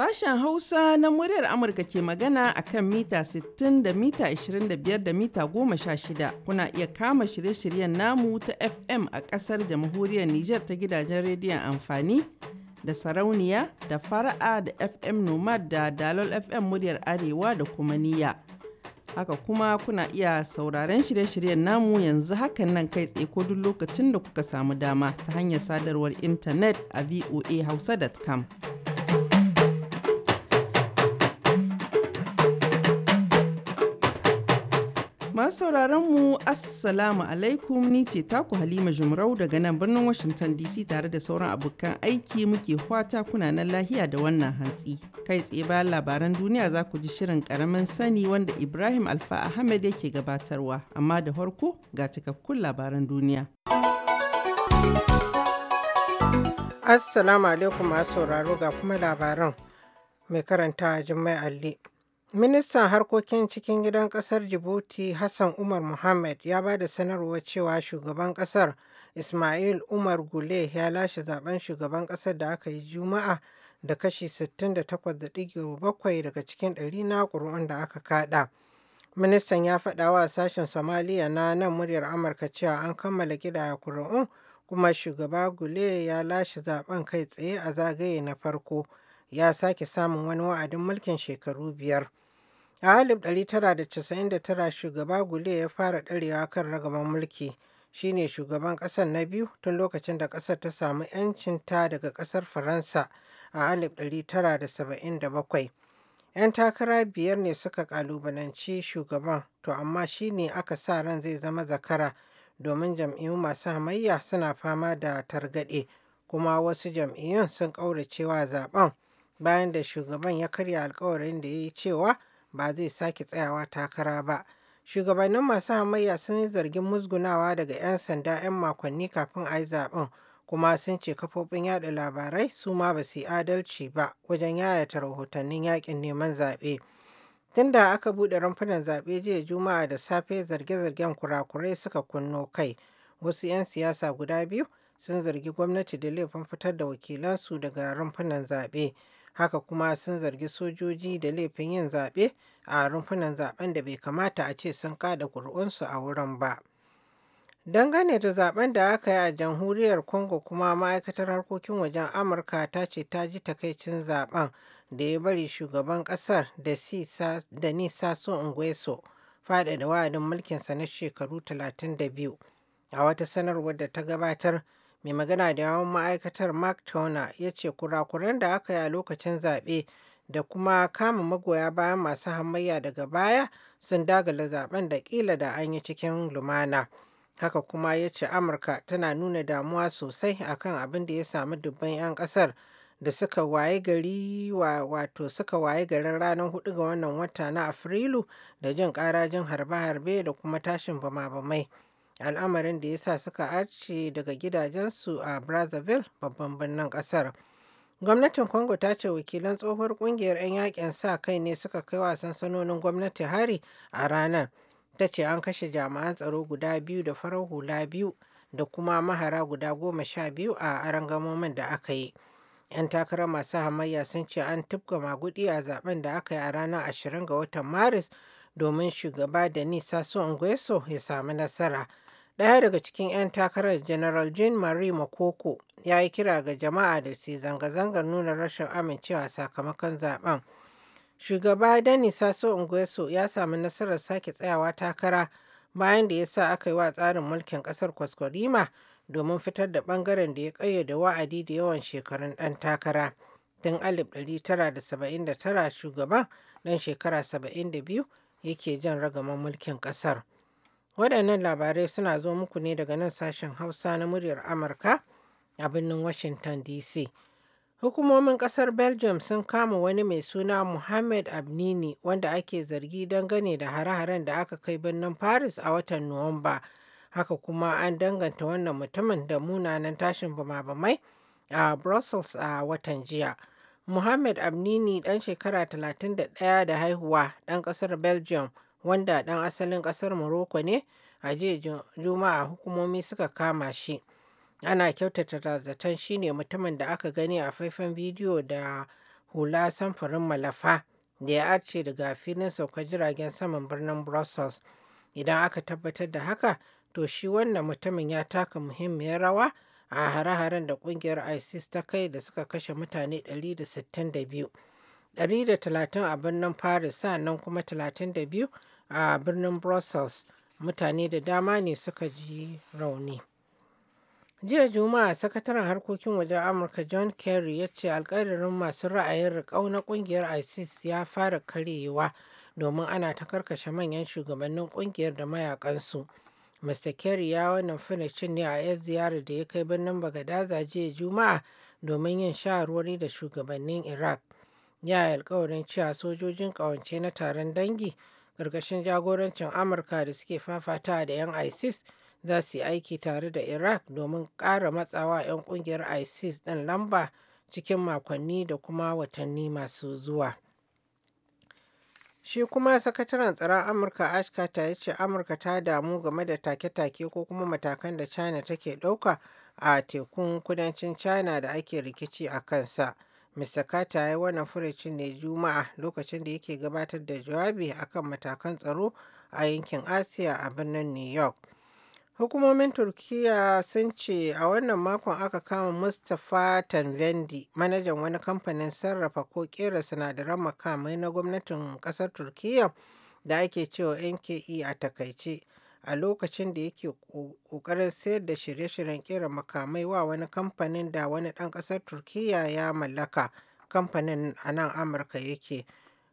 Sashen Hausa na muryar Amurka ke magana a kan mita 60 da mita 25 da mita 16. Kuna iya kama shirye-shiryen namu ta FM a ƙasar jamhuriyar Nijar ta gidajen rediyon amfani da sarauniya da fara'a da FM Nomad da Dalol FM muryar Arewa da kuma niyya. Haka kuma kuna iya sauraron shirye-shiryen namu yanzu hakan nan kai tsaye ko duk lokacin da kuka samu dama ta hanyar sadarwar intanet a voahausa.com. Masu sauraron mu Assalamu alaikum ni ce taku Halima Jumrau daga nan birnin Washington DC tare da sauran abokan aiki muke fata kuna nan lahiya da wannan hantsi. Kai tsaye bayan labaran duniya za ku ji shirin karamin sani wanda Ibrahim Alfa Ahmed yake gabatarwa amma da farko ga cikakkun labaran duniya. Assalamu alaikum masu sauraro ga kuma labaran mai karanta jima'i Ali. Ministan harkokin cikin gidan kasar Djibouti Hassan Umar Mohamed ya ba da sanarwa cewa shugaban kasar Ismail Umar Gule ya lashe zaben shugaban kasar da aka yi Juma'a da kashi 68.7 daga cikin ɗari na ƙuri'un da aka kada. Ministan ya faɗa wa sashen Somaliya na nan muryar Amurka cewa an kammala gida ƙuri'un kuma shugaba Gule ya lashe zaben kai tsaye a zagaye na farko ya sake samun wani wa'adin mulkin shekaru biyar. A 1999 shugaba Gule ya fara ɗarewa kan ragaman mulki, shi ne shugaban ƙasar na biyu tun lokacin da ƙasar ta samu 'yancinta daga ƙasar Faransa a 1977. 'Yan takara biyar ne suka ƙalubalanci shugaban, to amma shi ne aka sa ran zai zama zakara domin jam'iyyun masu hamayya suna fama da targaɗe, kuma wasu jam'iyyun sun ƙauracewa zaben bayan da shugaban ya karya alkawarin da ya yi cewa ba zai sake tsayawa takara ba. Shugabannin masu hamayya sun yi zargin musgunawa daga 'yan sanda 'yan makonni kafin a yi zaɓen kuma sun ce kafofin yaɗa labarai su ma ba su yi adalci ba wajen yayata rahotannin yakin neman zaɓe. Tun da aka buɗe rumfunan zaɓe jiya Juma'a da safe zarge-zargen kurakurai suka kunno kai. Wasu 'yan siyasa guda biyu sun zargi gwamnati da laifin fitar da wakilansu daga rumfunan zaɓe. haka kuma sun zargi sojoji da laifin yin zaɓe a rumfunan zaben da bai kamata a ce sun kada ƙuri'unsu a wurin ba dangane da zaben da aka yi a jamhuriyar congo kuma ma'aikatar harkokin wajen amurka ta ce ta ji takaicin zaben da ya bari shugaban ƙasar da nisa so ungweso faɗaɗa wa'adin mulkinsa na shekaru 32 a wata sanarwar da ta gabatar mai magana da yawon ma'aikatar mark Towner ya ce kurakuran da aka yi a lokacin zaɓe da kuma kama magoya bayan masu hamayya daga baya sun dagala zaben da ƙila da an yi cikin lumana haka kuma ya ce amurka tana nuna damuwa sosai akan abin da ya samu dubban 'yan ƙasar da suka waye gari wato suka waye garin ranar hudu ga wannan wata na afrilu da jin karajin harbe-harbe da kuma tashin bama-bamai. al'amarin da ya sa suka arce daga gidajensu a brazzaville babban birnin kasar gwamnatin congo ta ce wakilan tsohuwar kungiyar 'yan yakin sa kai ne suka kai wasan sansanonin gwamnati hari a ranar ta ce an kashe jama'an tsaro guda biyu da farar hula biyu da kuma mahara guda goma sha biyu a arangamomin da aka yi 'yan takarar masu hamayya sun ce an tufka magudi a zaben da aka yi a ranar 20 ga watan maris domin shugaba da nisa su ya samu nasara Ɗaya daga cikin 'yan takarar general Jean-Marie makoko ya yi kira ga jama'a da su zanga-zangar nuna rashin amincewa sakamakon zaben. Shugaba Dani Sassou Nguesso ya sami nasarar sake tsayawa takara bayan da ya sa aka yi wa tsarin mulkin ƙasar kwaskwarima domin fitar da ɓangaren da ya ƙayyade wa'adi da yawan shekarun ɗan takara. Tun 1979 shugaban ɗan shekara 72 yake jan ragaman mulkin ƙasar. Waɗannan labarai suna zo muku ne daga nan sashen Hausa na muryar Amurka a birnin Washington DC. Hukumomin ƙasar Belgium sun kama wani mai suna muhammad Abnini wanda ake zargi dangane da hare-haren da aka kai birnin Paris a watan Nuwamba. Haka kuma an danganta wannan mutumin da munanan tashin bama-bamai a Brussels a watan jiya. muhammad Abnini ɗan shekara 31 da haihuwa ɗan ƙasar Belgium wanda ɗan asalin ƙasar Morocco ne a jiya Juma'a hukumomi suka kama shi. Ana kyautata zaton shi ne mutumin da aka gani a faifan bidiyo da hula samfurin malafa da ya arce daga filin saukar jiragen saman birnin Brussels. Idan aka tabbatar da haka, to shi wannan mutumin ya taka muhimmiyar rawa a hare-haren da kungiyar ISIS ta kai da suka kashe mutane 162. 130 a birnin Paris sannan kuma 32 a birnin brussels mutane da dama ne suka ji rauni jiya juma'a sakataren harkokin wajen amurka john kerry ya ce alkadarin masu ra'ayin rikau na kungiyar isis ya fara karyewa domin ana ta karkashe manyan shugabannin kungiyar da mayakansu mr kerry ya wannan finishin ne a yar ziyarar da ya kai birnin bagadaza jiya juma'a domin yin shawarwari da shugabannin iraq ya yi alkawarin cewa sojojin kawance na taron dangi ƙarƙashin jagorancin amurka da suke fafata da 'yan isis za su yi aiki tare da iraq domin ƙara matsawa 'yan ƙungiyar isis ɗin lamba cikin makonni da kuma watanni masu zuwa shi kuma sakataren tsaron amurka ash ta ya ce amurka ta damu game da take-take ko kuma matakan da china take ɗauka a tekun kudancin china da ake rikici a kansa. Mr. Carter ya yi wannan furucin ne Juma'a lokacin da yake gabatar da jawabi akan matakan tsaro a yankin Asiya a birnin New York. Hukumomin Turkiyya sun ce a wannan makon aka kama Mustapha Tanvendi, manajan wani kamfanin sarrafa ko kera sinadaran makamai na gwamnatin kasar Turkiyya da ake cewa NKE a takaice. a lokacin da yake ƙoƙarin sayar da shirye-shiryen ƙera makamai wa wani kamfanin da wani ɗan ƙasar Turkiyya ya mallaka kamfanin a nan Amurka yake.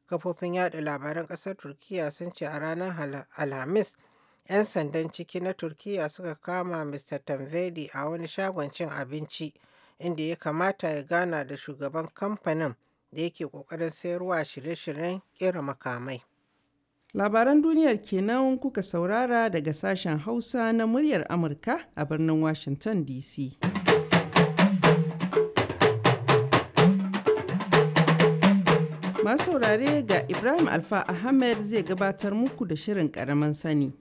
Kafofin yada labaran ƙasar Turkiyya sun ce a ranar Alhamis, 'yan sandan ciki na Turkiyya suka kama Mr. Tanvedi a wani shagon cin abinci inda ya kamata ya gana da shugaban kamfanin da yake ƙoƙarin sayarwa shirye-shiryen ƙera makamai. Labaran duniyar kenan kuka saurara daga sashen Hausa na muryar Amurka a birnin Washington DC. Masu saurare ga Ibrahim Alfa Ahmed zai gabatar muku da shirin ƙaramin sani.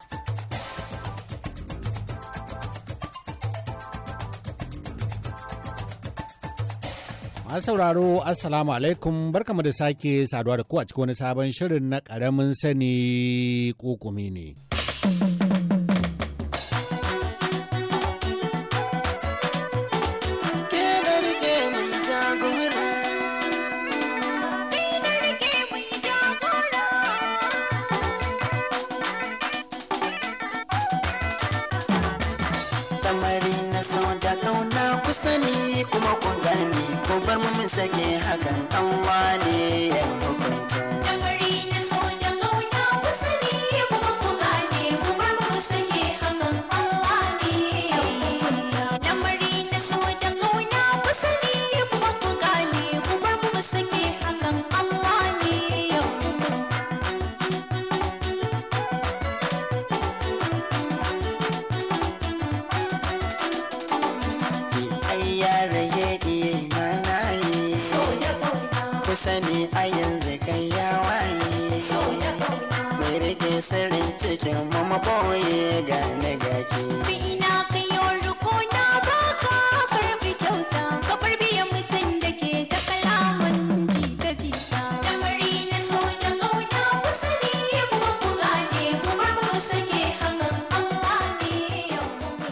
Masu sauraro Assalamu alaikum barkamu da sake saduwa da ku a cikin wani sabon shirin na ƙaramin sani kokumi ne. kuma boye gane bi ina kayo ruko na baka karbi kyauta ka farbi ya mutum da ke ta kalaman jita jita lamari na so da kauna kusa ne kuma ku gane kuma ba mu sake hakan Allah ne yau mu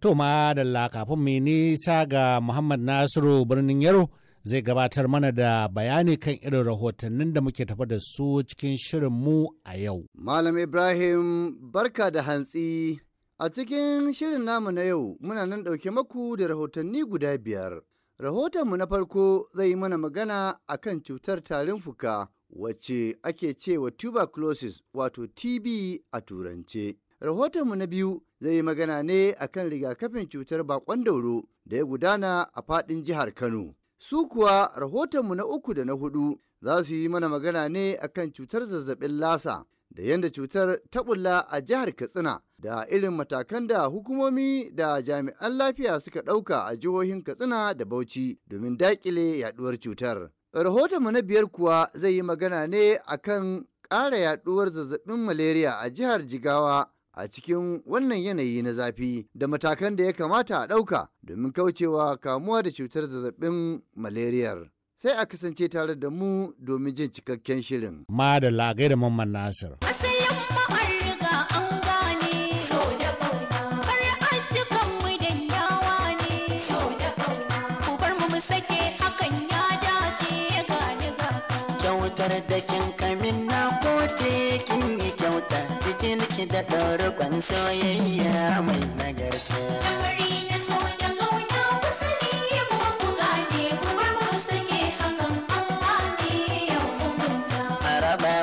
to ma kafin mai nisa ga Muhammad Nasiru birnin Yaro zai gabatar mana da bayani kan irin rahotannin da muke tafa da su cikin shirin mu a yau. Malam Ibrahim barka da hantsi a cikin shirin namu na yau muna nan ɗauke maku da rahotanni guda biyar. Rahotonmu na farko zai yi mana magana a kan cutar tarin fuka wacce ake cewa tuberculosis wato TB a turance. Rahotonmu na biyu zai yi magana ne a kan rigakafin cutar bakon dauro da ya gudana a faɗin jihar Kano. Su kuwa rahotonmu na uku da na hudu za su yi mana magana ne akan cutar zazzabin lasa da yadda cutar ta bulla a jihar Katsina da irin matakan da hukumomi da jami'an lafiya suka ɗauka a jihohin Katsina da Bauchi domin daƙile yaduwar cutar. Rahotonmu na biyar kuwa zai yi magana ne akan ƙara yaduwar zazzabin malaria a jihar Jigawa a cikin wannan yanayi na zafi da matakan da ya kamata a ɗauka domin kaucewa kamuwa da cutar zazzabin malariyar. Sai a kasance tare da mu domin jin cikakken shirin. Ma da lagai da mamman Nasir. Kyautar da kin kamin na gode kin yi kyauta. cikin ki da ɗorukon soyayya mai nagarta. Lamari na so da gauna wasu kuma hakan Allah ya Araba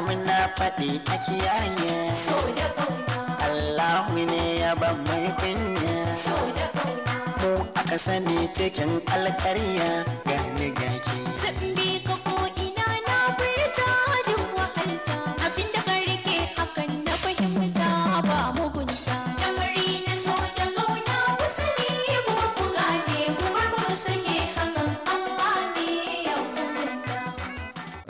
faɗi a kiyaye. So da gauna. Allahu ne ya ba mai kunya. So da Mu aka sani cikin alkarya gani gaki. Zambi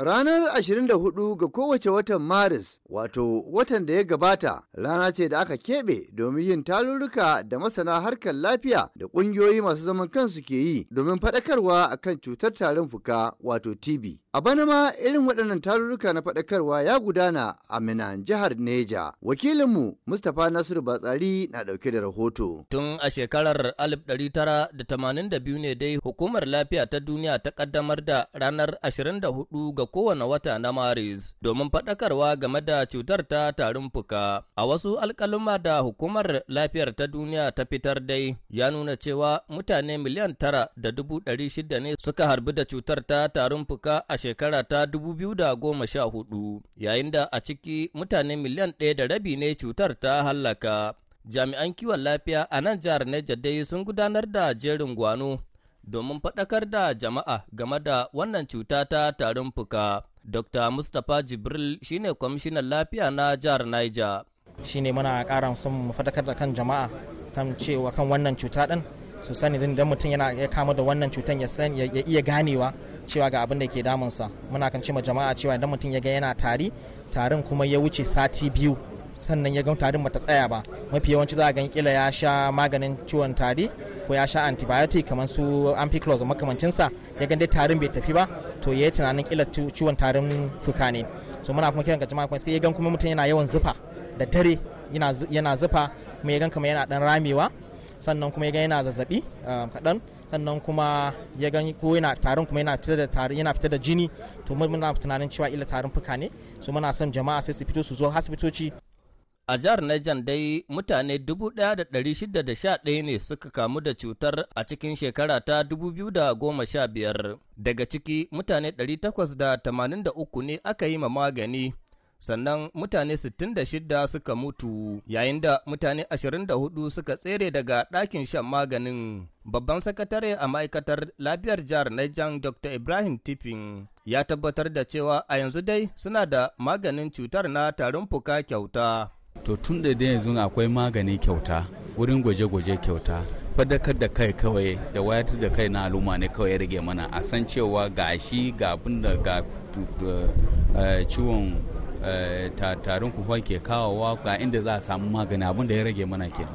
Ranar 24 ga kowace watan Maris wato watan da ya gabata rana ce da aka keɓe domin yin tarurruka da masana harkar lafiya da ƙungiyoyi masu zaman kansu ke yi domin faɗakarwa a kan cutar tarin fuka wato tb a bana ma irin waɗannan tarurruka na faɗakarwa ya gudana a minan jihar neja wakilinmu mustapha nasiru batsari na ɗauke da rahoto tun a shekarar 1982 ne dai hukumar lafiya ta duniya ta ƙaddamar da ranar 24 ga kowane wata na maris domin faɗakarwa game da cutar ta tarin fuka. A wasu alkaluma da hukumar lafiyar ta duniya ta fitar dai ya nuna cewa mutane miliyan tara da dubu ɗari shida ne suka harbi da cutar ta tarin fuka a shekara ta dubu biyu da goma sha hudu, yayin da a ciki mutane miliyan ɗaya da rabi ne cutar ta hallaka. Jami'an kiwon lafiya a nan jihar Neja dai sun gudanar da jerin gwano domin faɗakar da jama'a game da wannan cuta ta tarin fuka. Dr. Mustapha Jibril shine kwamishinan lafiya na jihar Niger. ne muna kara musamman mu fadakar da kan jama'a kan cewa kan wannan cuta din su sani din idan mutum yana ya kama da wannan cutan ya san ya iya ganewa cewa ga abin da ke damunsa muna kan cewa jama'a cewa idan mutum ya ga yana tari tarin kuma ya wuce sati biyu sannan ya ga tarin bata tsaya ba mafi yawanci za a gan kila ya sha maganin ciwon tari ko ya sha antibiotic kamar su ampiclos makamancinsa ya ga dai tarin bai tafi ba to yi tunanin kila ciwon tarin fuka ne so muna kuma kiran ga jama'a kuma sai ya gan kuma mutum yana yawan zufa da dare yana zufa kuma ya gan kuma yana dan ramewa sannan kuma ya gan yana zazzabi um, kaɗan sannan kuma ya gan ko yana tarin kuma yana fitar da tarin yana fitar da jini to muna tunanin cewa ila tarin fuka ne so muna son jama'a sai su fito su zo asibitoci A jihar Niger dai mutane 1,611 ne suka kamu da cutar a cikin shekara ta 2015, daga ciki mutane 883 ne aka yi ma magani, sannan mutane 66 suka mutu, yayin da mutane 24 suka tsere daga ɗakin shan maganin. Babban sakatare a ma'aikatar lafiyar jihar Niger Dr. Ibrahim Tipping ya tabbatar da cewa a yanzu dai suna da maganin cutar na tarin fuka kyauta. to tun da yanzu akwai magani kyauta wurin gwaje-gwaje kyauta fadakar da kai kawai da wayatar da kai na al'umma ne kawai ya rage mana a san cewa ga shi ga abin da ga eh, ciwon eh, tarin kuhon ke kawowa ga inda za a samu magani abin da ya rage mana ke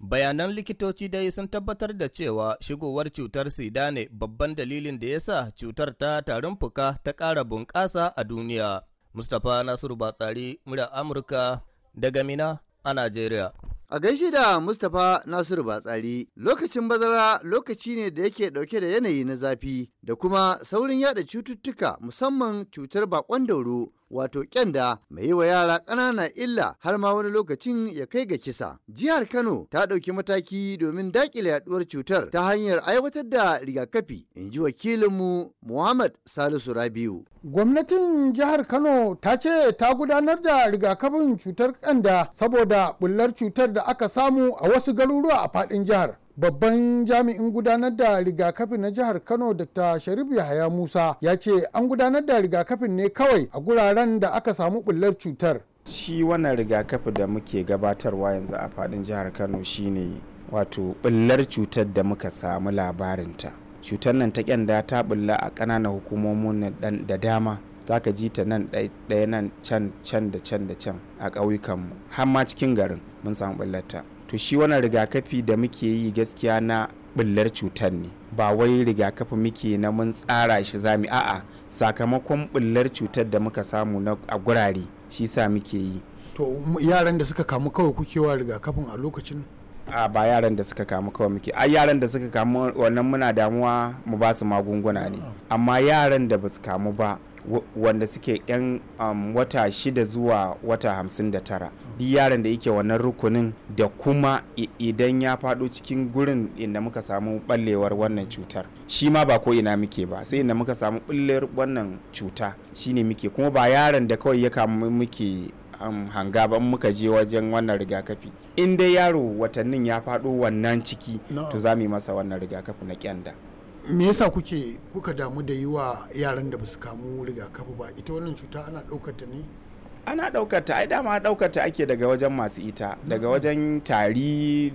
bayanan likitoci dai sun tabbatar da cewa shigowar cutar sida ne babban dalilin da ya sa cutar ta tarin fuka ta ƙara bunƙasa a duniya mustapha nasiru batsari murya amurka daga Mina a Najeriya. A gaishe da Mustapha Nasiru Batsari lokacin bazara lokaci ne da yake dauke da yanayi na zafi da kuma saurin yada cututtuka musamman cutar bakon dauro wato kyanda mai yi wa yara ƙanana illa har ma wani lokacin ya kai ga kisa. Jihar Kano ta ɗauki mataki domin daƙile yaduwar cutar ta hanyar aiwatar da rigakafi, in ji wakilinmu Muhammad Salisu Rabiu. Gwamnatin jihar Kano ta ce ta gudanar da rigakafin cutar ƙanda saboda bullar cutar da aka samu a wasu garuruwa a faɗin jihar. babban jami'in gudanar da rigakafi na jihar kano dr sharif yahaya musa ya ce an gudanar da rigakafin ne kawai a guraren da aka samu bullar cutar shi wannan rigakafi da muke gabatarwa yanzu a fadin jihar kano shine wato bullar cutar da muka samu labarinta cutar nan ta kyanda ta bulla a ƙananan hukumomin da dama za ka ji ta nan ɗaya nan can can da can da can a ƙauyukanmu har ma cikin garin mun samu ta to shi wannan rigakafi da muke yi gaskiya na bullar cutar ne ba wai rigakafi muke na mun tsara shi zami a'a sakamakon bullar cutar da muka samu na a gurare shi sa muke yi to yaran da suka kamu kawai kukewa rigakafin a lokacin a ba yaran da suka kamu kawai muke a yaran da suka kamu wannan muna damuwa mu ba su magunguna ne ah. amma yaran da ba su kamu ba wanda suke 'yan um, wata shida zuwa wata hamsin da tara duk yaron da yake wannan rukunin da kuma idan ya faɗo cikin gurin inda muka samu ballewar wannan cutar shi ma ba ko ina muke ba sai inda muka samu ɓullewar wannan cuta shi ne muke kuma ba yaron da kawai ya kamu muke um, hanga ba muka je wajen wannan rigakafi in dai yaro watannin ya faɗo wannan ciki no. to za mu yi masa wannan rigakafi na kyanda me yasa kuke kuka damu da yi wa yaran da basu kamu rigakafi ba ita wannan cuta ana ɗaukata ne ana ɗaukata ta ai dama ɗaukata ta ake daga wajen masu ita daga mm-hmm. wajen tari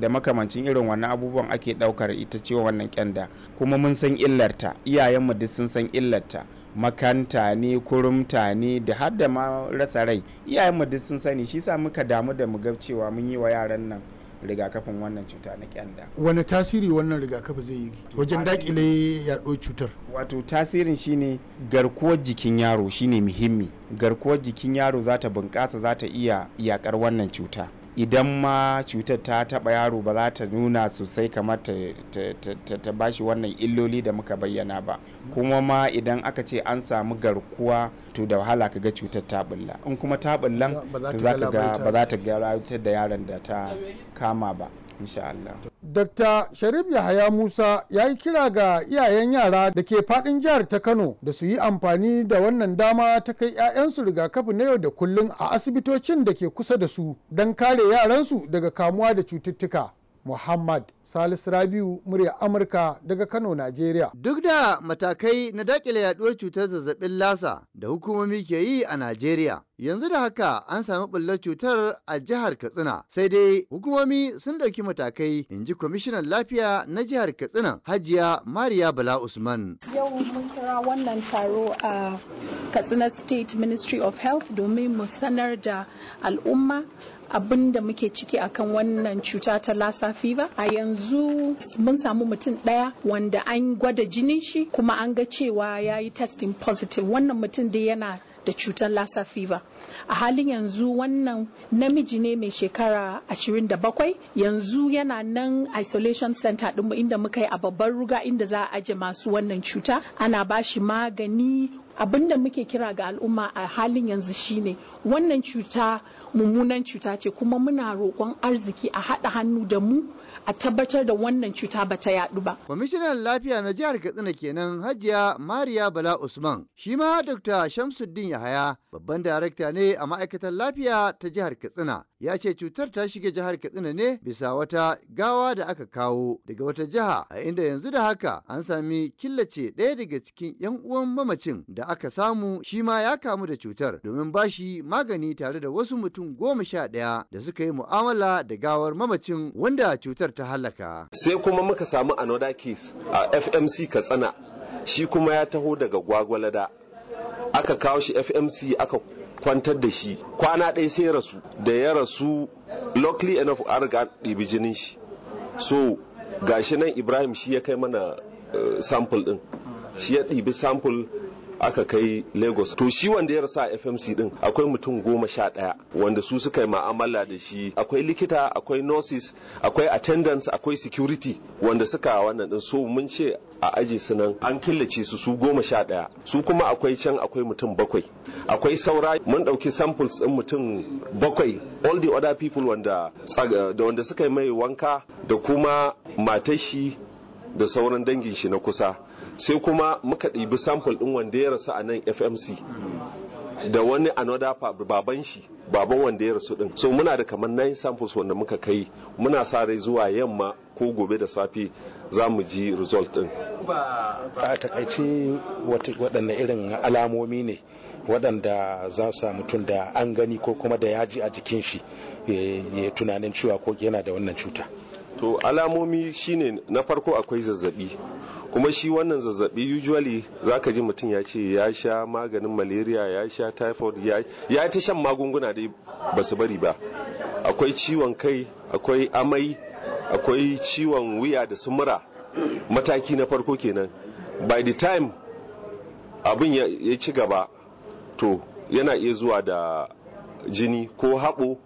da makamancin irin wannan abubuwan ake ɗaukar ita cewa wannan kyanda kuma mun san illarta iyayenmu duk sun san illarta makanta ne kurumta ne da har da ma rasa rai iyayenmu duk sun sani shi sa muka damu da mu ga cewa mun yi wa yaran nan rigakafin wannan cuta na kyanda wani tasiri wannan rigakafi zai yi wajen dakile yaɗo cutar wato tasirin shine garkuwar jikin yaro shine muhimmi garkuwar jikin yaro za ta bunƙasa za ta iya yaƙar wannan cuta idan ma cutar ta taɓa yaro ba za ta nuna sosai kamar ta, ta, bashi wannan illoli da muka bayyana ba kuma ma idan aka ce an samu garkuwa to da wahala ka ga cutar ta bulla in kuma ta bullan ba za ta ga da yaron da ta kama ba Dr. Sharif Yahaya Musa ya yi kira ga iyayen yara da ke fadin jihar ta Kano da su yi amfani da wannan dama ta kai 'ya'yansu rigakafi na yau da kullum a asibitocin da ke kusa da su don kare yaransu daga kamuwa da cututtuka. Muhammad Salisu Rabiu murya Amurka daga Kano, Najeriya. Duk da matakai na dakile yaduwar cutar zazzabin lasa da hukumomi ke yi a Najeriya. Yanzu da haka an sami bullar cutar a jihar Katsina, sai dai hukumomi sun ɗauki matakai in ji kwamishinan lafiya na jihar Katsina Hajiya Mariya Bala Usman. Yau mun kira wannan taro a Katsina State Ministry of Health domin mu sanar da al'umma abin da muke ciki akan wannan cuta ta lassa fever a yanzu mun samu mutum ɗaya wanda an gwada jinin shi kuma an ga cewa ya yi testing positive wannan mutum dai yana da cutar lassa fever a halin yanzu wannan namiji ne mai shekara 27 yanzu yana nan isolation center mu inda muka yi a babbar ruga inda za a aje masu wannan cuta ana ba shi magani abin da muke kira ga al'umma a halin yanzu shine wannan cuta mummunan cuta ce kuma muna roƙon arziki a haɗa hannu da mu a tabbatar da wannan cuta ba ta yaɗu ba. Kwamishinan lafiya na jihar Katsina kenan Hajiya Mariya Bala Usman shi ma Dr. Shamsuddin Yahaya babban darakta ne a ma'aikatar lafiya ta jihar Katsina ya ce cutar ta shiga jihar Katsina ne bisa wata gawa da aka kawo daga wata jiha a inda yanzu da haka an sami killace ɗaya daga cikin 'yan uwan mamacin da da aka samu shi ma ya kamu da cutar domin ba shi magani tare da wasu mutum goma sha ɗaya da suka yi mu'amala da gawar mamacin wanda cutar ta halaka. Sai kuma muka samu another case a FMC Katsina shi kuma ya taho daga Gwagwalada aka kawo shi FMC aka kwantar da shi kwana ɗaya sai rasu da ya rasu locally enough an riga ɗibi jinin shi so gashi nan Ibrahim shi ya kai mana eh, sample ɗin shi ya ɗibi sample aka kai lagos to shi wanda ya rasa fmc din akwai mutum goma sha ɗaya wanda su suka yi ma'amala da shi akwai likita akwai nurses akwai attendants akwai security wanda suka wannan din so mun ce a aji su nan an killace su su goma sha ɗaya su kuma akwai can akwai mutum bakwai akwai saura mun ɗauki samples din mutum bakwai all the other people wanda da wanda suka yi mai wanka da kuma matashi da sauran dangin shi na kusa sai kuma muka ɗibi sample ɗin wanda ya rasu a nan fmc da wani anoda baban shi baban wanda ya rasu ɗin so muna da kamar nine samples wanda muka kai muna sa rai zuwa yamma ko gobe da safe za mu ji result din a takaice waɗanne irin alamomi ne waɗanda za su mutum da an gani ko kuma da yaji a jikin shi ya tunanin cewa ko yana da wannan cuta to alamomi shine na farko akwai zazzabi kuma shi wannan zazzabi usually zaka ji mutum ya ce ya sha maganin malaria ya sha typhoid ya ya ta shan magunguna dai ba su bari ba akwai ciwon kai akwai amai akwai ciwon wuya da su mura mataki na farko kenan by the time abin ya ci gaba to yana iya zuwa da jini ko haɓo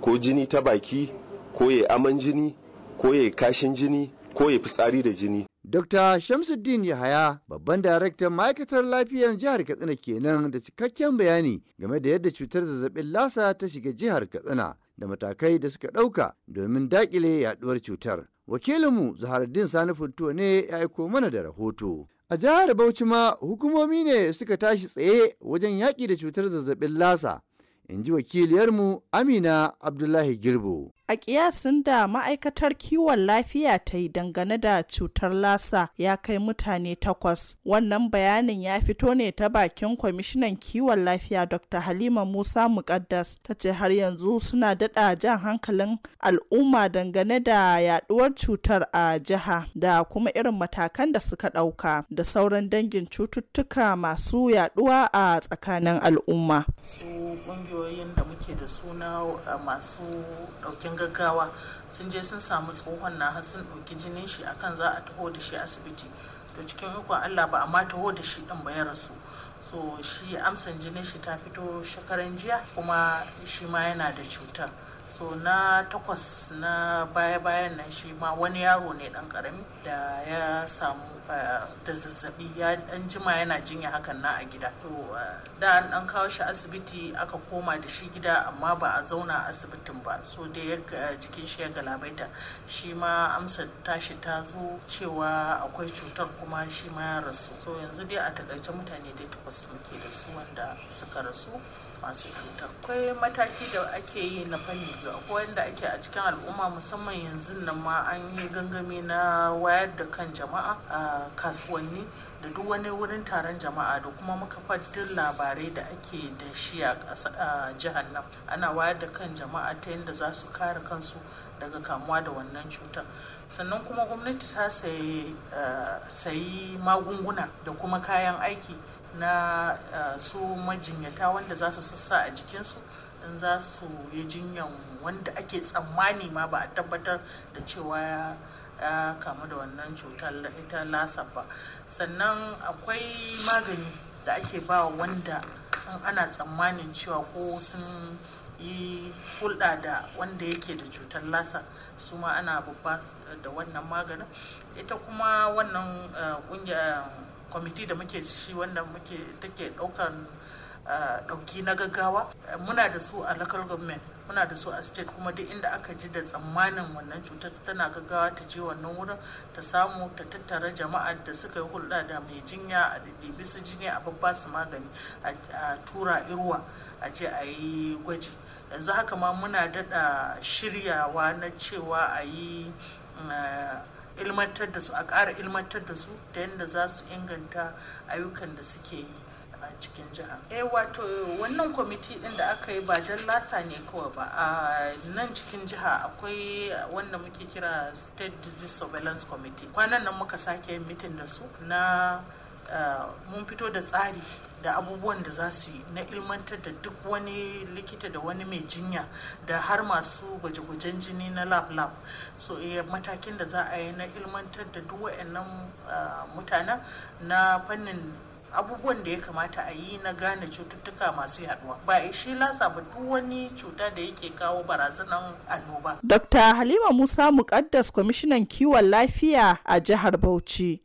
ko jini ta baki ko ya aman jini ko ya kashin jini ko ya fitsari da jini Dr. Shamsuddin Yahaya babban daraktan ma'aikatar lafiyar jihar Katsina kenan da cikakken bayani game da yadda cutar zazzabin lasa ta shiga jihar Katsina da matakai da suka ɗauka domin daƙile yaɗuwar cutar. Wakilinmu Zaharaddin Sani Funto ne ya aiko mana da rahoto. A jihar Bauchi ma hukumomi ne suka tashi tsaye wajen yaƙi da cutar zazzabin lasa, inji ji wakiliyarmu Amina Abdullahi Girbo. a kiyasin da ma'aikatar kiwon lafiya ta yi dangane da cutar lasa ya kai mutane takwas wannan bayanin ya fito ne ta bakin kwamishinan kiwon lafiya dr halima musa mukaddas ta ce har yanzu suna daɗa jan hankalin al'umma dangane da yaduwar cutar a jiha da kuma irin matakan da suka ɗauka da sauran dangin cututtuka masu yaduwa a tsakanin al'umma su ƙungiyoyin da muke da suna masu ɗaukin gaggawa sun je sun samu tsohon na har sun ɗauki jinin shi akan za a taho da shi asibiti to cikin ikon allah ba amma taho da shi ɗin ba ya rasu so shi amsan jinin shi ta fito shekaran jiya kuma shi ma yana da cutar so na takwas na baya-bayan nan shi ma wani yaro ne dan karami da ya samu eh, da zazzabi ya dan jima yana jinya hakan na a gida to eh, da an dan kawo shi asibiti aka koma da shi gida amma ba a zauna asibitin ba so da ya eh, jikin shi ya galabaita shi ma amsa tashi ta zo cewa akwai cutar kuma shi ma ya rasu so yanzu dai a takaice mutane dai takwas muke da su wanda suka rasu masu cuta akwai mataki da ake yi na fanni biyu akwai wanda ake a cikin al'umma musamman yanzu nan ma an yi gangami na wayar da kan jama'a a kasuwanni da duk wani wurin taron jama'a da kuma makafaddin labarai da ake da shi a jihar nan ana wayar da kan jama'a ta yadda za su kare kansu daga kamuwa da wannan cutar sannan kuma gwamnati ta sayi magunguna da kuma kayan aiki na eh, su majinyata wanda za su sassa a jikinsu in za su yi jinyan wanda ake tsammani ma ba a tabbatar da cewa ya kamu da wannan cutar ita lasa ba sannan akwai magani da ake ba wanda in ana tsammanin cewa ko sun yi hulɗa da wanda yake da cutar lasa su ma ana babba eh, da wannan maganin ita kuma wannan eh, kwamiti da muke shi wanda muke take daukan dauki na gaggawa muna da su a local government muna da su a state kuma duk inda aka ji da tsammanin wannan cutar tana gaggawa ta je wannan wurin ta samu ta tattara jama'a da suka yi hulɗa da mai jinya a ɗibi su jini a babba su magani a tura irwa a je a yi gwaji yanzu haka ma muna daɗa shiryawa na cewa a yi ilmantar da su a ƙara ilmantar da su da yadda za su inganta ayyukan da suke yi a cikin jiha. Eh wato wannan kwamiti ɗin da aka yi ba don lasa ne kawai ba a nan cikin jiha akwai wanda muke kira state disease surveillance committee kwanan nan muka sake yin mitin da su na eh, mun fito da tsari da abubuwan da za su yi na ilmantar da duk wani likita da wani mai jinya da har masu gwaje-gwajen jini na lab-lab so iya eh, matakin da za a yi na ilmantar da duk wa'annan ah, mutanen na fannin abubuwan da ya kamata a yi na gane cututtuka masu yaduwa ba a shi lasa ba duk wani cuta da yake kawo barazanan annoba. Dr. Halima Musa Mukaddas kwamishinan kiwon lafiya a jihar Bauchi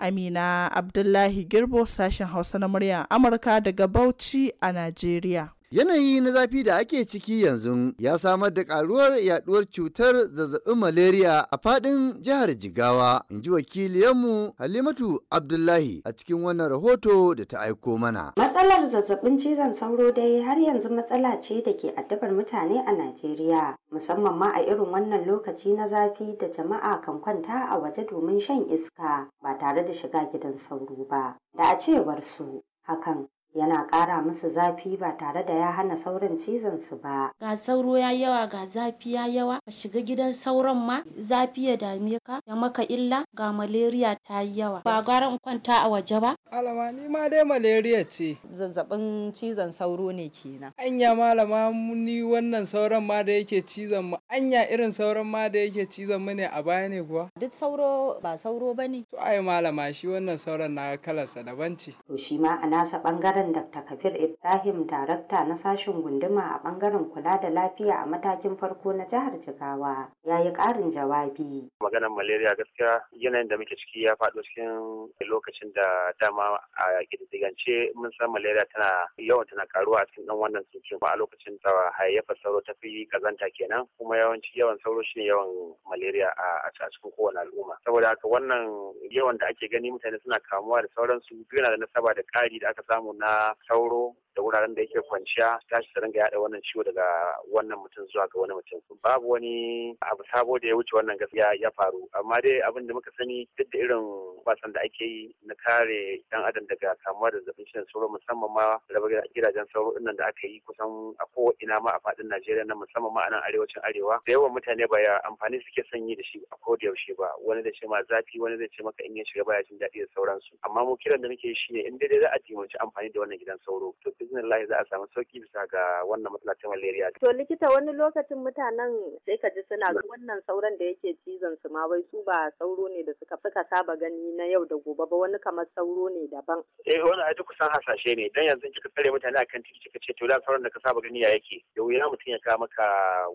Amina Abdullahi Girbo sashen Hausa na muryar Amurka daga Bauchi a Najeriya. Yanayi na zafi da ake ciki yanzu ya samar da karuwar yaduwar cutar zazzabin malaria a fadin jihar Jigawa, in ji wakiliyanmu Halimatu Abdullahi a cikin wannan rahoto da ta aiko mana. Matsalar zazzabin cizon sauro dai har yanzu matsala ce da ke addabar mutane a Najeriya, musamman ma a irin wannan lokaci na zafi da jama'a kan kwanta a waje domin shan iska ba tare da shiga gidan sauro ba. Da a cewar su, hakan yana ƙara musu zafi ba tare da ya hana sauran cizon su ba. Ga sauro ya yawa ga zafi ya yawa ka shiga gidan sauron ma zafi ya dame ka ya maka illa ga malaria ta yi yawa ba gara in kwanta a waje ba. Malama ni ma dai malaria ce. Zazzabin cizon sauro ne kenan. Anya malama ni wannan sauron ma da yake cizon mu anya irin sauron ma da yake cizon mu ne a baya ne kuwa. Duk sauro ba sauro ba ne. To ai malama shi wannan sauron na kalarsa daban ce. To shi ma a nasa ɓangaren Malam Dr. Kabir Ibrahim darakta na sashen gunduma a bangaren kula da lafiya a matakin farko na jihar Jigawa ya yi ƙarin jawabi. Maganar malaria gaskiya yanayin da muke ciki ya faɗo cikin lokacin da dama a ƙididdigance mun san malaria tana yawan tana karuwa a cikin ɗan wannan Ba a lokacin da hayayyafa sauro ta fi kazanta kenan kuma yawanci yawan sauro shine yawan malaria a cikin kowane al'umma saboda haka wannan yawan da ake gani mutane suna kamuwa da sauransu yana da nasaba da ƙari da aka samu na uh, total da wuraren da yake kwanciya tashi ta ringa yada wannan ciwo daga wannan mutum zuwa ga wani mutum babu wani abu sabo da ya wuce wannan gaskiya ya faru amma dai abin da muka sani duk da irin wasan da ake yi na kare dan adam daga kamuwa da zazzabin cizon sauro musamman ma raba gidajen sauro nan da aka yi kusan a ina ma a faɗin Najeriya na musamman ma a nan arewacin arewa da yawan mutane ba ya amfani suke son yi da shi a ko yaushe ba wani da ce ma zafi wani zai ce maka in ya shiga baya jin daɗi da sauransu amma mu kiran da muke yi shine in dai za a taimaki amfani da wannan gidan sauro to izinin za a samu sauki bisa ga wannan matsala ta malaria. To likita wani lokacin mutanen sai ka ji suna wannan sauran da yake cizon su ma wai su ba sauro ne da suka ka saba gani na yau da gobe ba wani kamar sauro ne daban. Eh wani a duk kusan hasashe ne dan yanzu kika tsare mutane akan titi kika ce to da sauran da ka saba gani ya yake da wuya mutum ya ka maka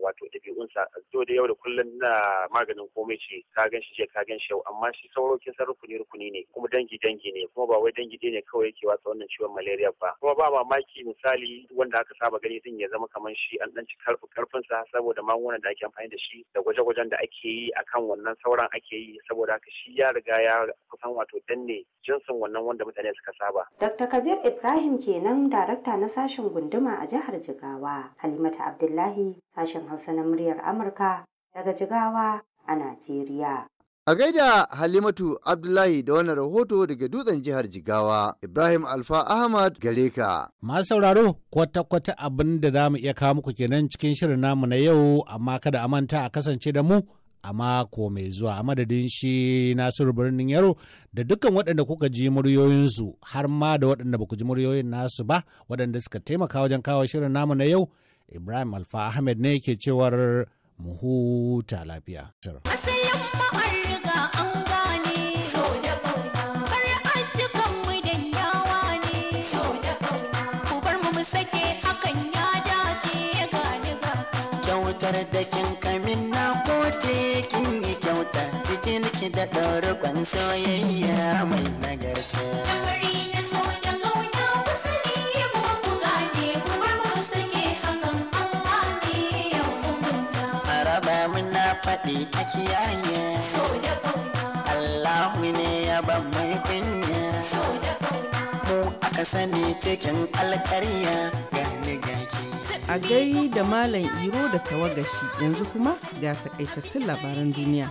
wato sa, to da yau da kullum na maganin komai ce ka gan shi je ka gan shi amma shi sauro kin san rukuni rukuni ne kuma dangi dangi ne kuma ba wai dangi ne kawai yake watsa wannan ciwon malaria ba kuma ba mamaki misali wanda aka saba gani din ya zama kamar shi an ɗanci karfi karfinsa saboda magungunan da ake amfani da shi da gwaje-gwajen da ake yi akan wannan sauran ake yi saboda haka shi ya riga ya kusan wato danne jinsin wannan wanda mutane suka saba. Dr. Kabir Ibrahim kenan darakta na sashen gunduma a jihar Jigawa. halimatu Abdullahi sashen Hausa na muryar Amurka daga Jigawa a Najeriya. A gaida Halimatu Abdullahi da wannan rahoto daga dutsen jihar Jigawa, Ibrahim Alfa Ahmad Gareka. Masu sauraro kwata-kwata abin da za mu iya kawo muku kenan cikin shirin namu na yau, amma kada a manta a kasance da mu a mako mai zuwa a madadin shi nasiru birnin yaro da dukkan waɗanda kuka ji muryoyinsu har ma da waɗanda ba ku ji muryoyin nasu ba waɗanda suka taimaka wajen kawo shirin namu na yau ibrahim alfa ahmed ne ke cewar mu huta lafiya. Asalin ma'ar riga an gane. So da Bar ajikan mu da yawa ne. So da Ku bar mu mu sake hakan ya dace ga ba. Kyautar da kin kamin na gode yi kyauta. Bikin ki da ɗoruban soyayya mai nagarta. kiyaye Allahu ne ya ba mai kunya mu aka sani cikin alkarya gani gaki a gai da malam iro da tawagashi yanzu kuma ga takaitattun labaran duniya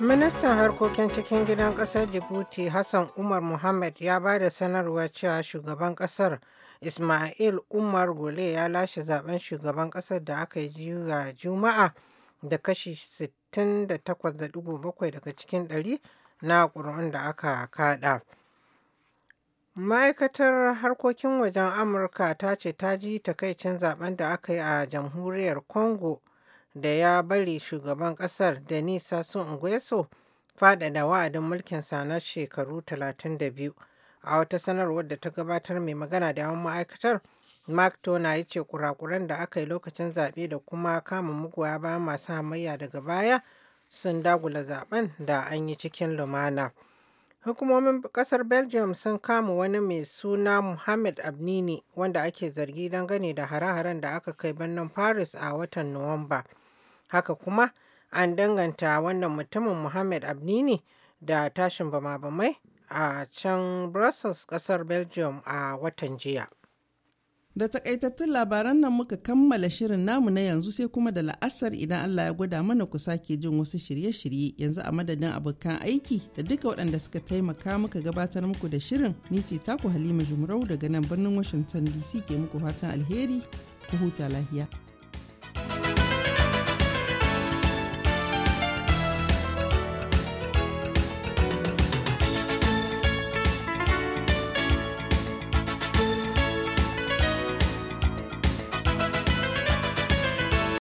ministan harkokin cikin gidan kasar djibouti hassan umar muhammad ya ba da sanarwa cewa shugaban kasar Ismail Umar Gule ya lashe zaben shugaban ƙasar da aka yi ga Juma'a da kashi 68.7 daga cikin ɗari na ƙuri'un da aka kaɗa. Ma'aikatar harkokin wajen Amurka ta ce ta ji takaicin zaben da aka yi a jamhuriyar Congo da ya bari shugaban ƙasar Denis Sassou Nguesso faɗaɗa wa'adin mulkinsa na shekaru 32. A wata sanarwar da ta gabatar mai magana da yawan ma'aikatar, Mark Tona ya ce kurakuran da aka yi lokacin zaɓe da kuma kama magoya bayan masu hamayya daga baya sun dagula zaben da an yi cikin lumana. Hukumomin kasar Belgium sun kama wani mai suna Muhammad Abnini wanda ake zargi dangane da hare-haren da aka kai birnin Paris a watan Nuwamba. Haka kuma an danganta wannan mutumin Muhammad Abnini da tashin bama-bamai a can Brussels kasar Belgium a watan jiya. Da takaitattun labaran nan muka kammala shirin namu na yanzu sai kuma da la'asar idan Allah ya gwada mana ku sake jin wasu shirye-shirye yanzu a madadin abokan aiki da duka waɗanda suka taimaka muka gabatar muku da shirin ni ce taku Halima Jumrau daga nan birnin Washington DC ke muku fatan alheri ku huta lafiya.